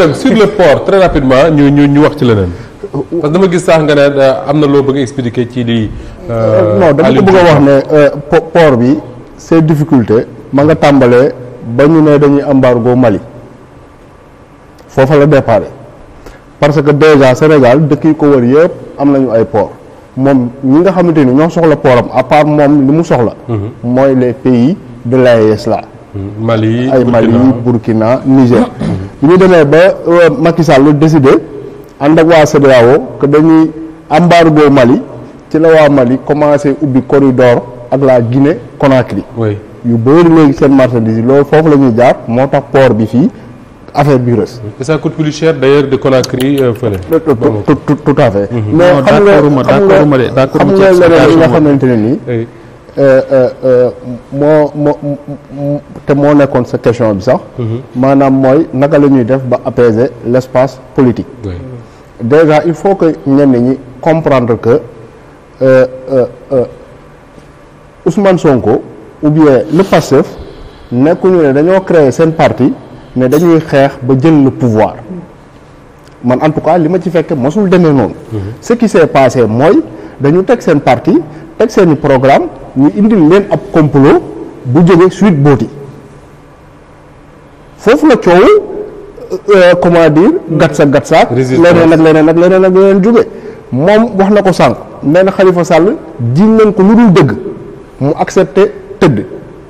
dem sur le port très rapidement ñu ñu wax ci leneen parce que dama gis sax nga ne euh, am na loo bëgg a expliquer ci lii. Euh, non dama ko bëgg wax ne euh, poor bi ses difficultés ma nga tàmbalee ba ñu ne dañuy embargo Mali foofa la départ parce que déjà Sénégal dëkk yi ko wër yëpp am nañu ay port moom ñi nga xamante ni ñoo soxla portam à part moom li mu soxla. Mhm. mooy les pays de l'AES là. Mhm. Mali ay Mali Burkina Niger. bu ñu demee ba euh, Macky Sall lu décidé ànd ak waa CEDEAO que dañuy embargo Mali ci la waa Mali commencé ubbi corridor ak la Guinée Conakry. yu bëri léegi seen marchandise yi loolu foofu la ñuy jaar moo tax port bi fii affaire bi rës. et ça coûte plus cher de Conakry euh, fële. Euh, tout mhm. mais xam nga xam nga leneen li nga xamante ne nii. Euh, euh, euh, moo moo te moo nekkoon sa question bi sax. Mhm. maanaam mooy naka la ñuy def ba apaiser l' espace politique. Oui. déjà il faut que ñenn ñi comprendre que euh, euh, Ousmane Sonko ou bien le Pastef nekkuñu ne dañoo créer seen parti ne dañuy xeex ba jël le pouvoir man en tout cas li ma ci fekk mosul demee noonu. Mhm. ce qui s' est passé mooy dañu teg seen parti teg seeni programme. ñu indi leen ab complot bu jóge Sweet Beauty foofu la coow euh, euh, comment dire gatsa gatsaak leneen ak leneen ak leneen ak leneen jóge moom wax na ko sànq nee na Khalifa Sall jiñ nañ ko lu dul dëgg mu accepté tëdd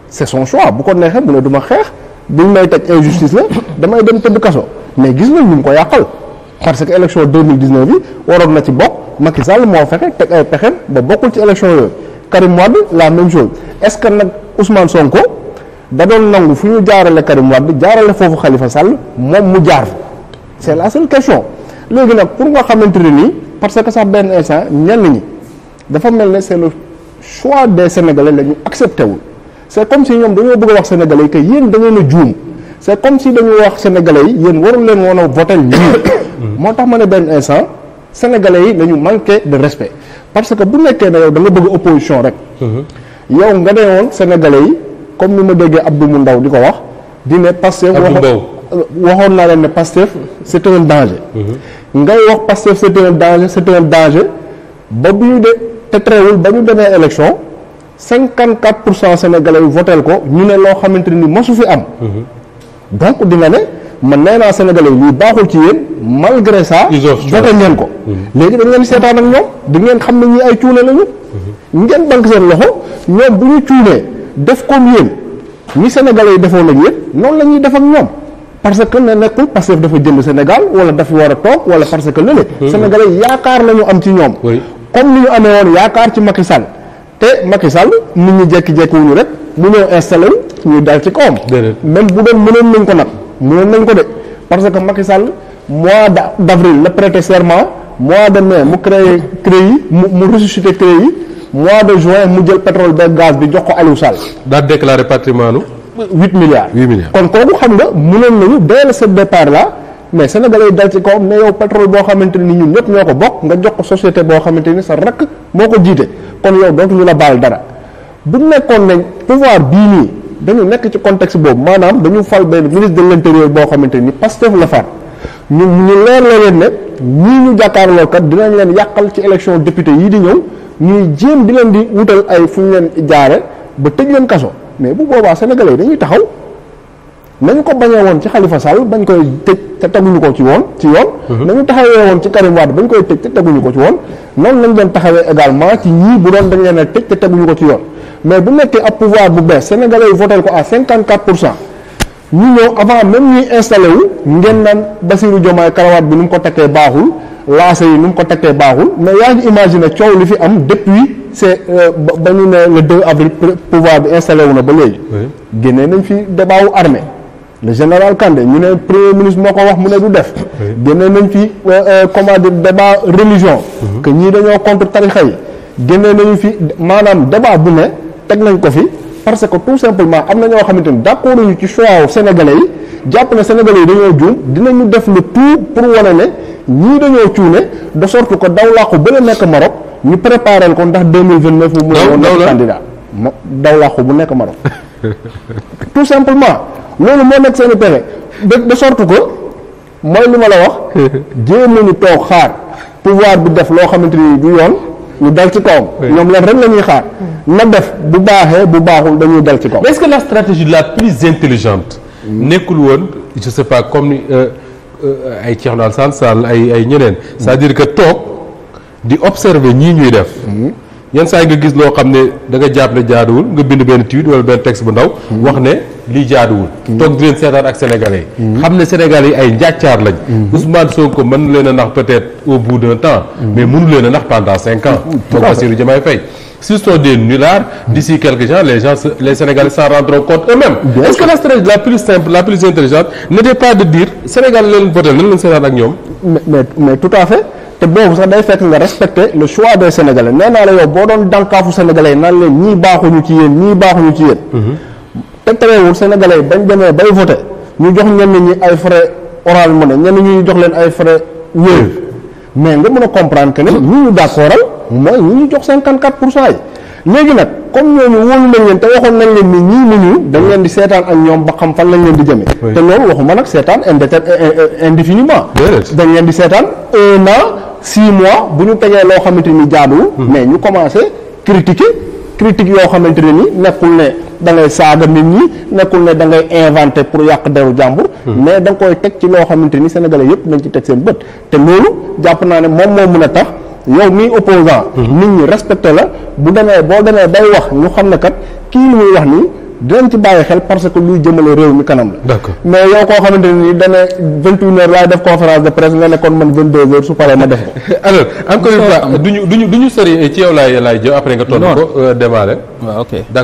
saison son choix bu ko neexee mu ne du xeex buñ may teg injustice la damay dem tëdd kaso mais gis nañ ñu mu ko yàqal parce que élection 2019 yi waroon na ci bokk Macky Sall moo fexe teg ay pexem ba bokkul ci élection yooyu Karim Wade la même chose est-ce que nag Ousmane Sonko da doon nangu fu ñu jaarale Karim Wade jaarale foofu Khalifa Sall moom mu jaar fa se la seule question léegi nag pour nga xamante ne nii parce que sax benn instant ñenn ñi dafa mel ne c'est le choix des sénégalais la ñu accepté wul c'est comme si ñoom dañoo bëgg a wax sénégalais que yéen da ngeen a juum c'est comme si dañuy wax sénégalais yi yéen warul leen woon a voter ñii moo tax ma ne benn instant sénégalais yi la ñu manqué de parce que bu nekkee ne yow da nga bëgg opposition rek. yow nga ne woon sénégalais yi comme ni ma déggee Abdou mu ndaw di ko wax. di ne Pastef waxoon naa leen ne Pastef c'est un danger. ngay wax Pastef c'est un danger c'est un danger ba bu ñu de te teewul ba ñu demee élection 54 pour cent sénégalais yi votel ko ñu ne loo xamante ni mosu fi am. Mhm. donc di ne man nee naa sénégalais yi lii baaxul ci yéen. malgré ça. voté ngeen ko. Mm-hmm. léegi da ngeen seetaan ak ñoom di ngeen xam ne ñii ay cuune lañu. Mm-hmm. ngeen bank seen loxo ñoom bu ñu cuunee def comme yéen ñi Sénégalais yi defoon ak yéen noonu la ñuy def ak ñoom. parce que ne nekkul que dafa jënd Sénégal wala dafa war a toog wala parce que lële. Mm-hmm. Sénégalais yaakaar la ñu am ci ñoom. comme ni ñu amee woon yaakaar ci Macky Sall te Macky Sall nit ñi jékki-jékki wuñu rek mu ñëw installé wu ñuy dal ci kawam. même bu doon mënoon nañ ko nag mënoon nañ ko de parce que Macky Sall mois d'avril la prêter serment mois de mais mu créé CREI mu mu ressuscité CREI mois de juin mu jël pétrole beeg gaz bi jox ko Aliou Sall. daal déclaré patrimoine huit milliards kon kooku xam nga mënoon nañu dès le ce départ mais sénégalais yi dal ci kawam ne yow pétrole boo xamante ni ñun ñëpp ñoo ko bokk nga jox ko société boo xamante ni sa rakk moo ko jiite kon yow dootuñu la baal dara bu nekkoon nañ pouvoir bii nii dañu nekk ci contexte boobu boo xamante ni Pastef la far ñu ñu leer la leen ne ñii ñu jàkkaarloo kat dinañ leen yàqal ci élection député yi di ñëw ñuy jéem di leen di wutal ay fu ñu leen jaare ba tëj leen kaso mais bu boobaa sénégalais yi dañuy taxaw nañu ko bañee woon ci Khalifa Sall bañ koy tëj te teguñu ko ci woon ci yoon mhm. nañu taxawee woon ci Karim bañ koy tëj te teguñu ko ci woon noonu lañ doon taxawee également ci ñii bu doon dañ leen a tëj te teguñu ko ci yoon mais bu nekkee ab pouvoir bu bees sénégalais ko à 54 pour cent ñu ñëw avant même ñuy installé wu ngeen naan Bassirou Diomaye karawaat bi nu mu ko takkee baaxul laase yi nu mu ko takkee baaxul mais yaa ngi imaginer coow li fi am depuis c'est euh, ba ñu ne le 2 avril pouvoir bi installé wu na ba léegi. génnee nañ fi débat wu armée le général Kandé ne premier ministre ko wax mu ne du def. génnee nañ fi euh, euh, comment de débat religion. Mhm. que ñii dañoo contre tarixa yi. génnee nañu fi maanaam débat bu ne teg nañ ko fi. parce que tout simplement am na ñoo xamante ni d'accord ci choix sénégalais yi jàpp na sénégalais yi dañoo juum dinañu def le tout pour wane ne ñii dañoo cuune de sorte que daw làqu ba la nekk Maroc ñu préparel ko ndax 2029 mu mën a woon nekk candidat ma daw bu nekk Maroc tout simplement loolu moo nekk seeni pexe de de sorte que mooy li ma la wax jéem nañu toog xaar pouvoir bi def loo xamante ni du yoon ñu dal ci kawam. ñoom loolu rek la ñuy xaar. Hmm. na def bu baaxee bu baaxul dañuy dal ci kawam. est-ce que la stratégie la plus intelligente. Hmm. nekkul woon je sais pas comme ni euh, euh, ay Thierno Alassane Sall ay ay ñeneen. c'est-à-dire que toog di observer ñii ñuy def. Hmm. yenn saa yi nga gis loo xam ne da nga jàppale jaaduwul nga bind benn tweet wala benn texte bu ndaw wax ne lii jaaduwul toog di leen seetaan ak sénégalais yi mm-hmm. xam ne sénégalais yi ay njàccaar lañ mm-hmm. Ousmane Sonko mën leen nax peut-être au bout d'un temps mm-hmm. mais mënu leen a nax pendant cinq ans moom Bassirou Diomaye Faye si ce sont des nullards d'ici quelques jours les gens les sénégalais s'en rendront compte eux-mêmes est que la stratégie la plus simple la plus intelligente à fait te boobu sax day fekk nga respecter le choix des sénégalais nee naa la yow boo doon dànkaafu sénégalais yi naan leen ñii baaxuñu ci yéen ñii baaxuñu ci yéen. Mhm. te terewul sénégalais yi bañ demee bay voté ñu jox ñenn ñi ay frais oral mu ne ñenn ñi ñu jox leen ay a comprendre que pour cent yi léegi nag comme ñooñu wóolu nañ leen te waxoon nañ leen ni ñii ni ñu dañ leen di seetaan ak ñoom ba xam fan lañ leen di jëme te loolu waxuma nag seetaan indéter euh, euh, euh, indéfiniment dañ leen di seetaan six mois bu ñu tegee loo xamante ni jaaduwul. Hmm. mais ñu commencé critiquer critique yoo xamante ne ni nekkul ne da ngay saaga nit ñi nekkul ne da ngay inventé pour yàq deru jàmbur. Hmm. mais da nga koy teg ci loo xamante ni sénégalais yëpp nañ ci teg seen bët. te loolu jàpp naa ne moom moo mën a tax yow miy opposant hmm. nit ñi respecté la bu demee boo demee bay wax ñu xam ne kat kii li muy wax nii. dinañ ci bàyyi xel parce que luy jëmale réew mi kanam la. d'accord mais yow def conférence de presse nga ne man su paree ma def ko. alors encore une fois du ñu ñu du ñu sori eh, ci yow laay laay jëm après nga. non tontu ko euh, démarrer. waaw ah,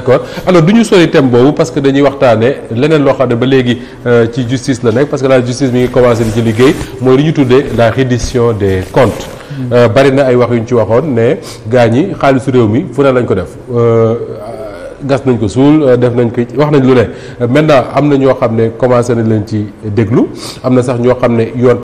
ok du ñu sori thème boobu parce que dañuy waxtaanee leneen loo xam ne ba léegi euh, ci justice la nekk parce que la justice mi ngi commencé di ci liggéey mooy li ñu tuddee la reddition des comptes. Hmm. Euh, bari na ay wax yu ñu ci waxoon ne gaa ñi xaalisu réew mi fu lañ ko def. gas nañ ko suul euh, def nañ ko wax nañ lu ne maintenant am na ñoo xam ne commencé nañ leen ci déglu am na sax ñoo xam ne yoon